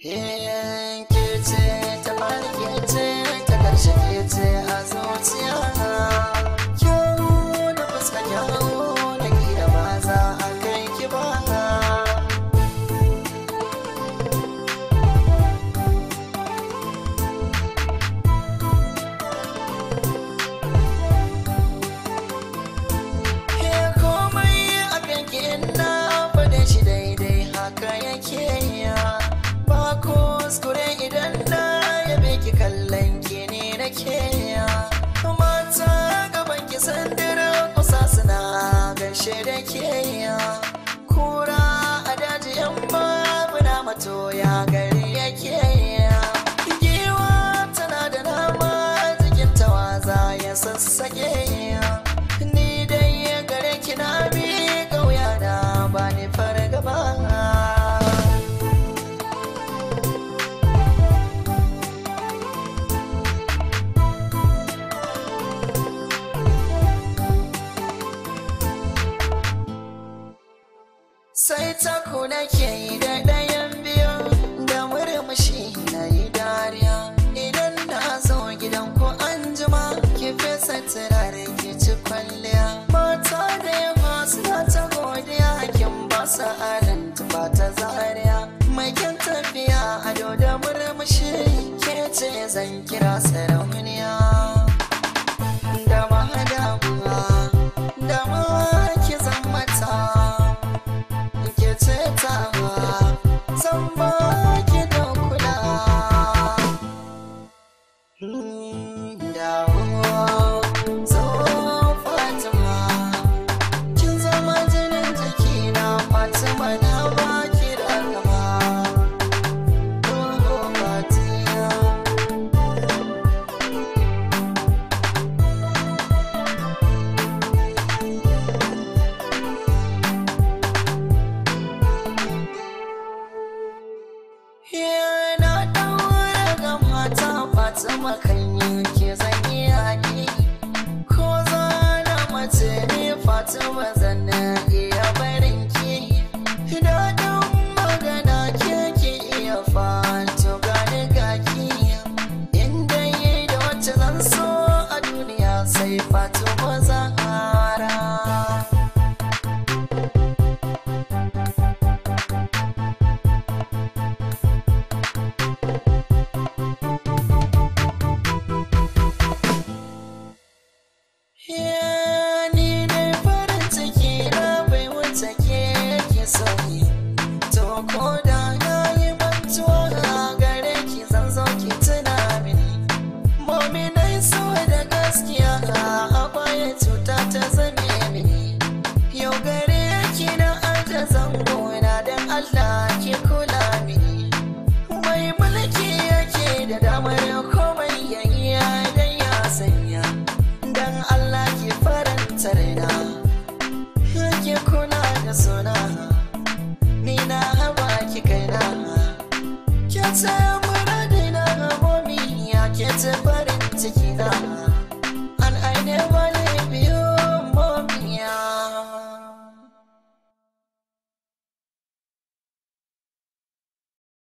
He ain't getting ke mata gaban ki sandira kusa suna gaishe da ke sai tako ke yi da ɗayan biyu da murmushi na yi dariya idan na zo gidan ko an jima ki fesa turare ki ci kwalliya mata da yawa suna ta godiya kin ba sa aran ba ta zariya mai tafiya ado da murmushi ke ce zan kira sarauniya makan ke zanyi haɗi ko zana mace ne fatima zanna iya barin ki daɗin magana ke ki iya fato gani gaki inda yi da wacce zan so a duniya sai fatima Sai muradi na gobe ya ke tabarin ciki na.